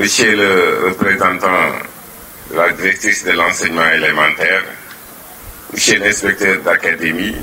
Monsieur le représentant de la directrice de l'enseignement élémentaire, Monsieur l'inspecteur d'académie,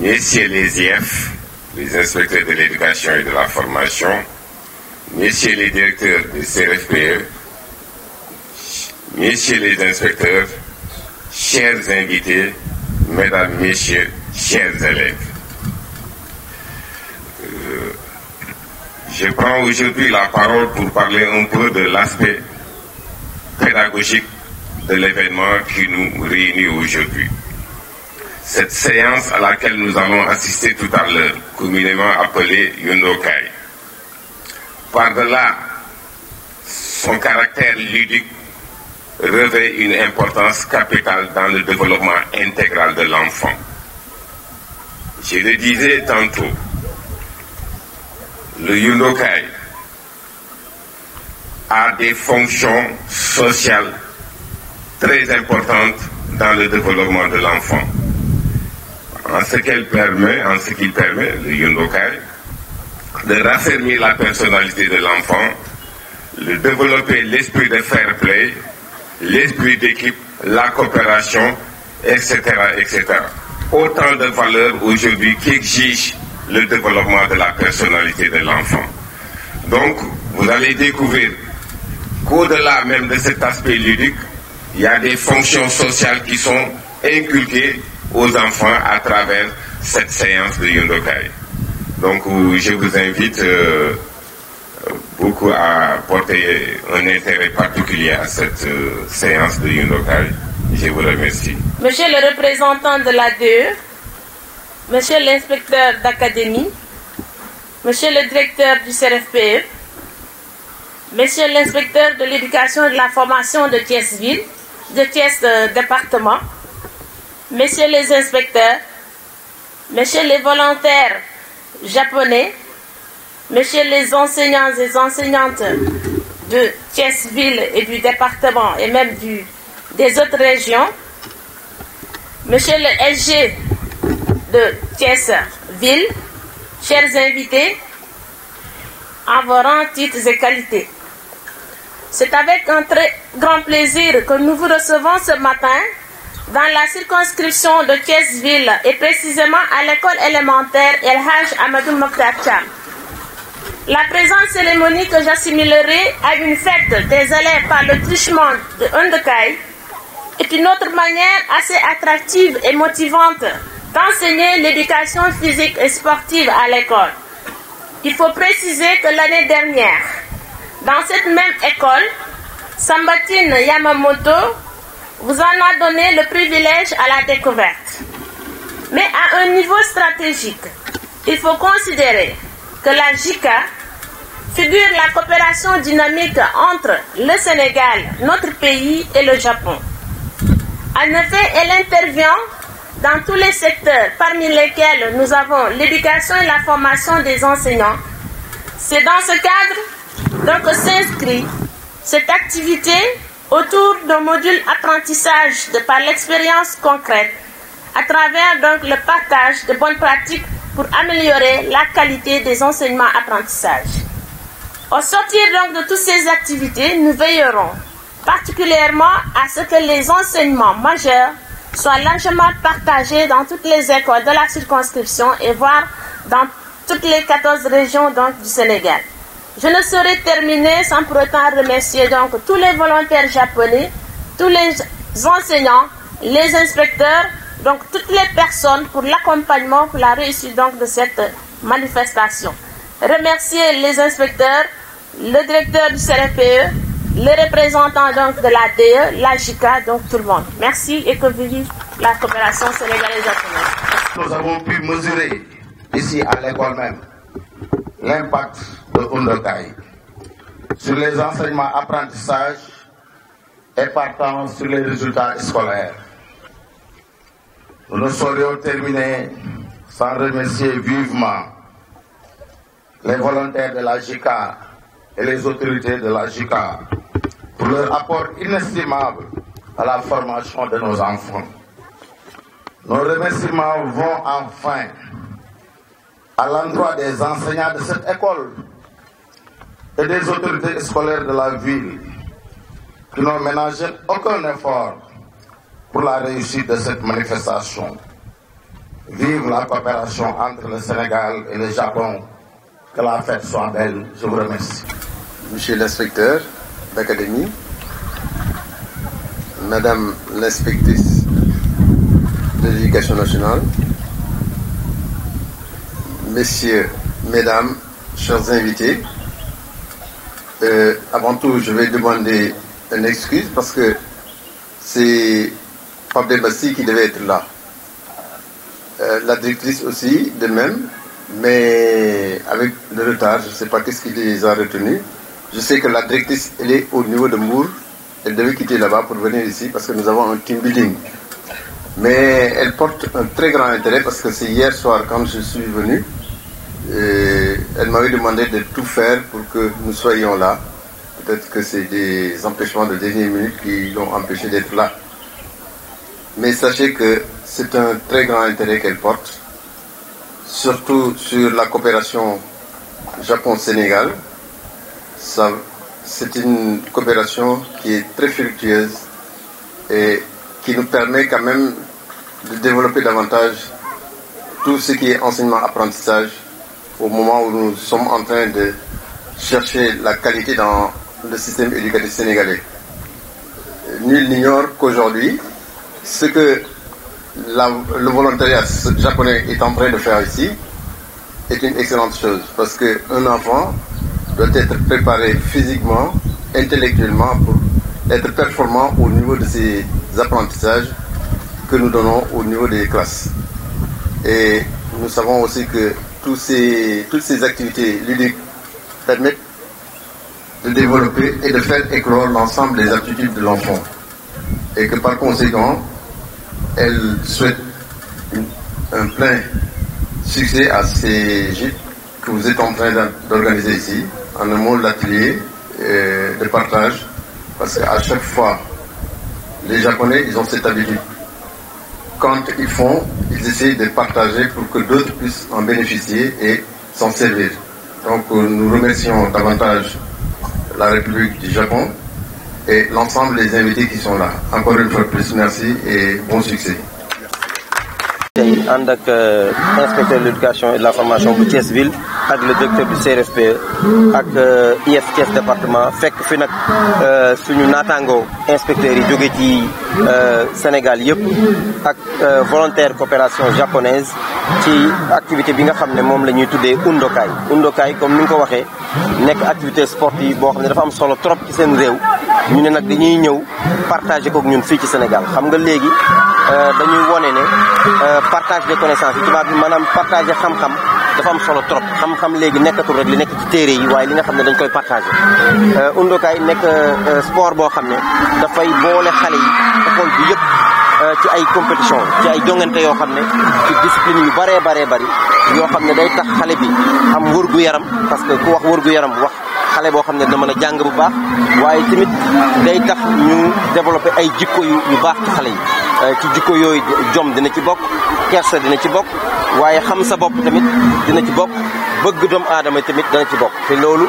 Messieurs les IF, les inspecteurs de l'éducation et de la formation, Messieurs les directeurs du CRFPE, Messieurs les inspecteurs, chers invités, Mesdames, Messieurs, chers élèves. Je prends aujourd'hui la parole pour parler un peu de l'aspect pédagogique de l'événement qui nous réunit aujourd'hui. Cette séance à laquelle nous allons assister tout à l'heure, communément appelée Yundokai, par-delà son caractère ludique, revêt une importance capitale dans le développement intégral de l'enfant. Je le disais tantôt, le Yundokai a des fonctions sociales très importantes dans le développement de l'enfant. En ce qu'elle permet, en ce qu'il permet, le Yundokai, de raffermir la personnalité de l'enfant, de développer l'esprit de fair play, l'esprit d'équipe, la coopération, etc., etc. Autant de valeurs aujourd'hui qui exigent le développement de la personnalité de l'enfant. Donc, vous allez découvrir qu'au-delà même de cet aspect ludique, il y a des fonctions sociales qui sont inculquées aux enfants à travers cette séance de Yundokai. Donc, euh, je vous invite euh, beaucoup à porter un intérêt particulier à cette euh, séance de Yundokai. Je vous remercie. Monsieur le représentant de la DE, Monsieur l'inspecteur d'académie, Monsieur le directeur du CRFPE, Monsieur l'inspecteur de l'éducation et de la formation de Thiès-Ville, de Thiès-Département, euh, Monsieur les inspecteurs, Monsieur les volontaires japonais, Monsieur les enseignants et enseignantes de Thiès-Ville et du département et même du, des autres régions, Monsieur le SG de Thiès chers invités, en vos rangs, titres et qualités. C'est avec un très grand plaisir que nous vous recevons ce matin dans la circonscription de thiès et précisément à l'école élémentaire El Haj Amadou Mokhtar La présente cérémonie que j'assimilerai à une fête des élèves par le trichement de Undekai est une autre manière assez attractive et motivante d'enseigner l'éducation physique et sportive à l'école. Il faut préciser que l'année dernière, dans cette même école, Sambatine Yamamoto vous en a donné le privilège à la découverte. Mais à un niveau stratégique, il faut considérer que la JICA figure la coopération dynamique entre le Sénégal, notre pays et le Japon. En effet, elle intervient dans tous les secteurs, parmi lesquels nous avons l'éducation et la formation des enseignants. C'est dans ce cadre donc s'inscrit cette activité autour d'un module apprentissage de par l'expérience concrète, à travers donc le partage de bonnes pratiques pour améliorer la qualité des enseignements apprentissages. Au sortir donc de toutes ces activités, nous veillerons particulièrement à ce que les enseignements majeurs soit largement partagée dans toutes les écoles de la circonscription et voire dans toutes les 14 régions donc, du Sénégal. Je ne saurais terminer sans pour autant remercier donc tous les volontaires japonais, tous les enseignants, les inspecteurs, donc toutes les personnes pour l'accompagnement, pour la réussite donc de cette manifestation. Remercier les inspecteurs, le directeur du CRPE, les représentants donc de la DE, la JICA, donc tout le monde. Merci et que vive la coopération sénégalaise Nous avons pu mesurer ici à l'école même l'impact de Undertaï sur les enseignements apprentissages et partant sur les résultats scolaires. Nous ne saurions terminer sans remercier vivement les volontaires de la JICA et les autorités de la JICA pour leur apport inestimable à la formation de nos enfants. Nos remerciements vont enfin à l'endroit des enseignants de cette école et des autorités scolaires de la ville qui n'ont ménagé aucun effort pour la réussite de cette manifestation. Vive la coopération entre le Sénégal et le Japon. Que la fête soit belle. Je vous remercie. Monsieur l'inspecteur d'académie, Madame l'inspectrice de l'éducation nationale, Messieurs, Mesdames, chers invités, euh, avant tout, je vais demander une excuse parce que c'est Pablo Bassi qui devait être là. Euh, la directrice aussi, de même, mais avec le retard, je ne sais pas qu'est-ce qui les a retenus. Je sais que la directrice, elle est au niveau de Mour. Elle devait quitter là-bas pour venir ici parce que nous avons un team building. Mais elle porte un très grand intérêt parce que c'est hier soir quand je suis venu, euh, elle m'avait demandé de tout faire pour que nous soyons là. Peut-être que c'est des empêchements de dernière minute qui l'ont empêché d'être là. Mais sachez que c'est un très grand intérêt qu'elle porte, surtout sur la coopération Japon-Sénégal, c'est une coopération qui est très fructueuse et qui nous permet quand même de développer davantage tout ce qui est enseignement-apprentissage au moment où nous sommes en train de chercher la qualité dans le système éducatif sénégalais. Nul n'ignore qu'aujourd'hui, ce que le volontariat japonais est en train de faire ici est une excellente chose parce qu'un enfant être préparé physiquement, intellectuellement pour être performant au niveau de ces apprentissages que nous donnons au niveau des classes. Et nous savons aussi que tous ces, toutes ces activités ludiques permettent de développer et de faire éclore l'ensemble des aptitudes de l'enfant. Et que par conséquent, elle souhaite un plein succès à ces gîtes que vous êtes en train d'organiser ici en un mot l'atelier de partage, parce qu'à chaque fois, les Japonais, ils ont cette habitude. Quand ils font, ils essayent de partager pour que d'autres puissent en bénéficier et s'en servir. Donc nous remercions davantage la République du Japon et l'ensemble des invités qui sont là. Encore une fois plus, merci et bon succès. l'éducation et la formation ak le docteur du CRFPE ak euh, ISTS département Fait fi nag euh, suñu Natango, inspecteur, yi jóge ci euh, Sénégal yëpp ak volontaire coopération japonaise ci activité bi nga xam ne moom la ñuy undokai comme nous l'avons ko waxee nekk activité sportive boo xam ne dafa am solo trop ci s'en réew ñu ne nag dañuy ñëw partagé kook ñun fii ci Sénégal xam nga léegi dañuy Nous avons partage de connaissances yi tubaab partagé xam-xam dafa am solo trop xam-xam léegi nekkatul rek li nekk ci téere yi waaye li nga xam ne dañ koy partagé undokaay euh, nekk euh, sport boo xam ne dafay boole xale yi xool bi yëpp euh, ci ay compétition ci ay jongante yoo xam ne ci discipline yu bëree baree bari yoo xam ne day tax xale bi am gu yaram parce que ku wax wër gu yaram bu wax xale boo xam ne dama mën a jàng bu baax waaye tamit day tax ñu développé ay jikko yu baax ci xale yi ci jikko yooyu jom dina ci bokk kersa dina ci bokk waaye xam sa bopp tamit dina ci bokk bëgg doomu aadama tamit dana ci bokk te loolu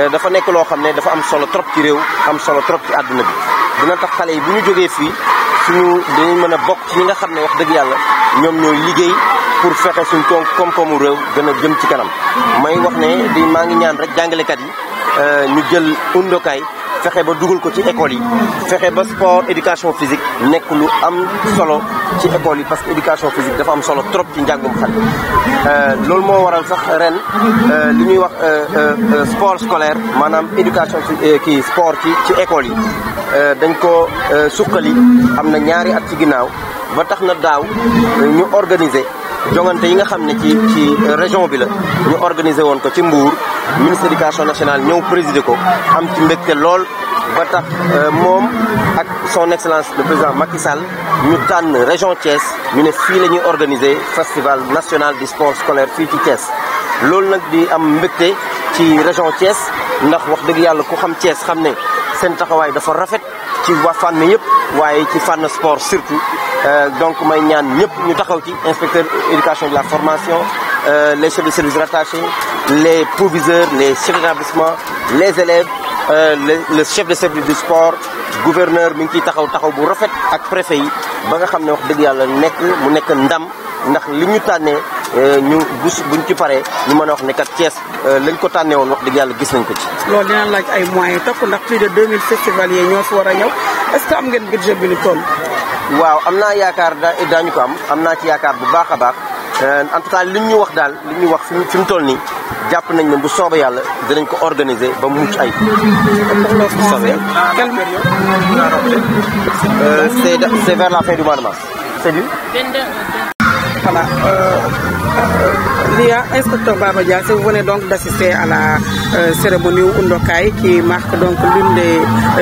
eh, dafa nekk loo xam ne dafa am solo trop ci réew am solo trop ci àdduna bi dina tax xale yi bu ñu jógee fii suñu dañuy mën a bokk ci nga xam ne wax dëgg yàlla ñoom ñooy liggéey pour fexe suñ koom koom-koomu réew gën a jëm ci kanam may wax ne di maa ngi ñaan rek jàngalekat yi eh, ñu jël undokaay fexé ba dugal ko ci école yi fexé ba sport éducation physique nekk lu am solo ci école yi parce que éducation physique dafa am solo trop ci njàngum xale euh, loolu moo waral sax ren euh, li ñuy wax euh, sport scolaire maanaam éducation kii sport ci ci école yi dañ ko suqali am na ñaari at ci ginnaaw ba tax na daaw ñu organiser jongante yi nga xam ne ci ci région bi la ñu organiser woon ko ci Mbour ministre éducation nationale ñëw présider ko am ci mbégte lool ba tax euh, moom ak son excellence le président Macky Sall ñu tànn région Thiès ñu ne fii la ñuy organiser festival national du sport scolaire fii ci Thiès loolu nag di am mbégte ci région Thiès ndax wax dëgg yàlla ku xam Thiès xam ne seen taxawaay dafa rafet ci waa fànn yëpp waaye ci fànn sport surtout euh, donc may ñaan ñëpp ñu taxaw ci inspecteur éducation de la formation euh, les chefs de service rattachés les proviseurs les chefs d'établissement les élèves euh, le chef de service du sport gouverneur mi ngi taxaw taxaw bu rafet ak préfet yi ba nga xam ne wax dëgg yàlla nekk mu nekk ndam ndax li ñu tànnee euh, ñu bus buñ ci paree ñu mën a wax ne kat Thiès euh, lañ ko tànnee woon wax dëgg yàlla gis nañ ko ci. loolu dina laaj ay moyens yu ndax plus de 2000 festivaliers ñoo fi war a ñëw est-ce que am ngeen budget bi ni toll. waaw am naa yaakaar daañu ko am am na ci yaakaar bu baax a baax euh, en tout cas li ñu wax daal li ñu wax fi fi mu toll nii jàpp nañ ne bu soobee yàlla dinañ ko organiser ba mucc ay bu soobee yàlla. c'est vers la fin du mois de mars. c'est du. Voilà. Euh, euh, euh, Lia, inspecteur Baba vous venez donc d'assister à la cérémonie Undokai qui marque donc l'une des,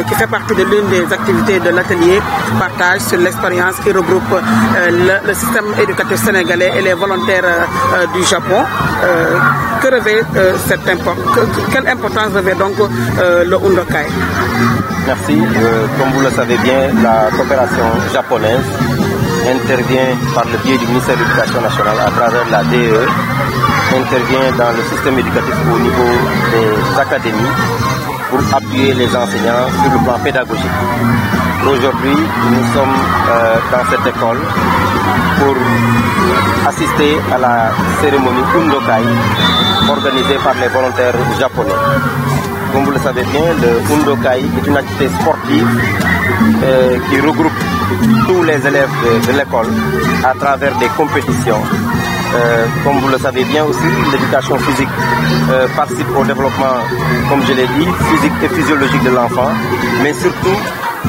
qui fait partie de l'une des activités de l'atelier partage sur l'expérience qui regroupe le, système éducatif sénégalais et les volontaires du Japon. quelle importance revêt donc le Undokai Merci. comme vous le savez bien, la coopération japonaise intervient par le biais du ministère de l'Éducation nationale à travers la DE, e, intervient dans le système éducatif au niveau des académies pour appuyer les enseignants sur le plan pédagogique. Aujourd'hui, nous sommes euh, dans cette école pour assister à la cérémonie Undokai organisée par les volontaires japonais. Comme vous le savez bien, le Undokai est une activité sportive euh, qui regroupe tous les élèves de, l'école à travers des compétitions. Euh, comme vous le savez bien aussi, l'éducation physique euh, participe au développement, comme je l'ai dit, physique et physiologique de l'enfant, mais surtout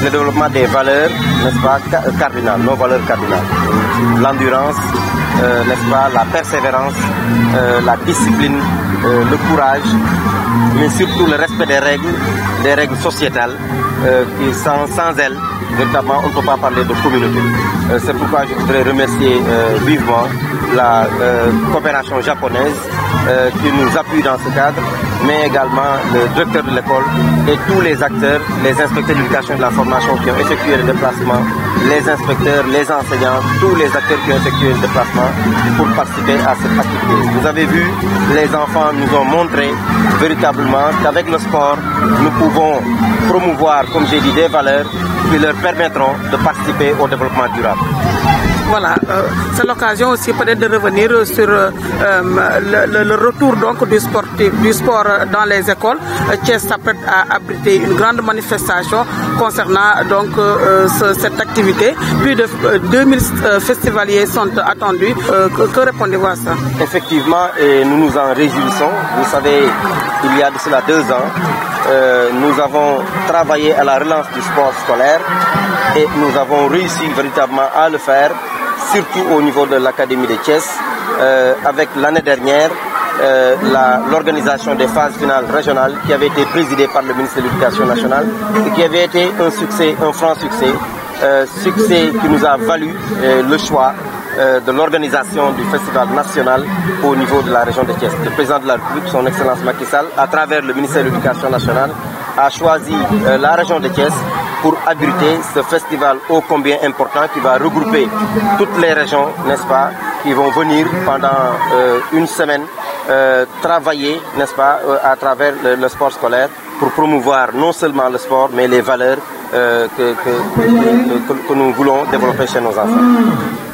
le développement des valeurs, n'est-ce pas, cardinales, nos valeurs cardinales. L'endurance, euh, n'est-ce pas, la persévérance, la discipline, le courage, mais surtout le respect des règles, des règles sociétales, qui sont sans elles, notamment on ne peut pas parler de communauté. Euh, c'est pourquoi je voudrais remercier euh, vivement la euh, coopération japonaise qui nous appuie dans ce cadre, mais également le directeur de l'école et tous les acteurs, les inspecteurs d'éducation et de la formation qui ont effectué le déplacement les inspecteurs, les enseignants, tous les acteurs qui ont effectué le déplacement pour participer à cette activité. Vous avez vu, les enfants nous ont montré véritablement qu'avec le sport, nous pouvons promouvoir, comme j'ai dit, des valeurs qui leur permettront de participer au développement durable. Voilà, euh, c'est l'occasion aussi peut-être de revenir sur euh, euh, le, retour donc du du sport dans les écoles. Thiès s'apprête à abriter une grande manifestation concernant donc cette activité. Plus de 2000 festivaliers sont attendus. que, répondez-vous à ça Effectivement, et nous nous en réjouissons. Vous savez, il y a de cela deux ans, nous avons travaillé à la relance du sport scolaire et nous avons réussi véritablement à le faire surtout au niveau de l'Académie de Thiès, euh, avec l'année dernière euh, l'organisation des phases finales régionales qui avait été présidée par le ministère de l'Éducation nationale et qui avait été un succès, un franc succès, euh, succès qui nous a valu le choix de l'organisation du festival national au niveau de la région de Thiès. Le président de la République, son Excellence Macky Sall, à travers le ministère de l'Éducation nationale, a choisi la région de Thiès pour abriter ce festival ô combien important qui va regrouper toutes les régions, n'est-ce pas, qui vont venir pendant euh, une semaine euh, travailler, n'est-ce pas, euh, à travers le, sport scolaire pour promouvoir non seulement le sport, mais les valeurs que nous voulons développer chez nos enfants.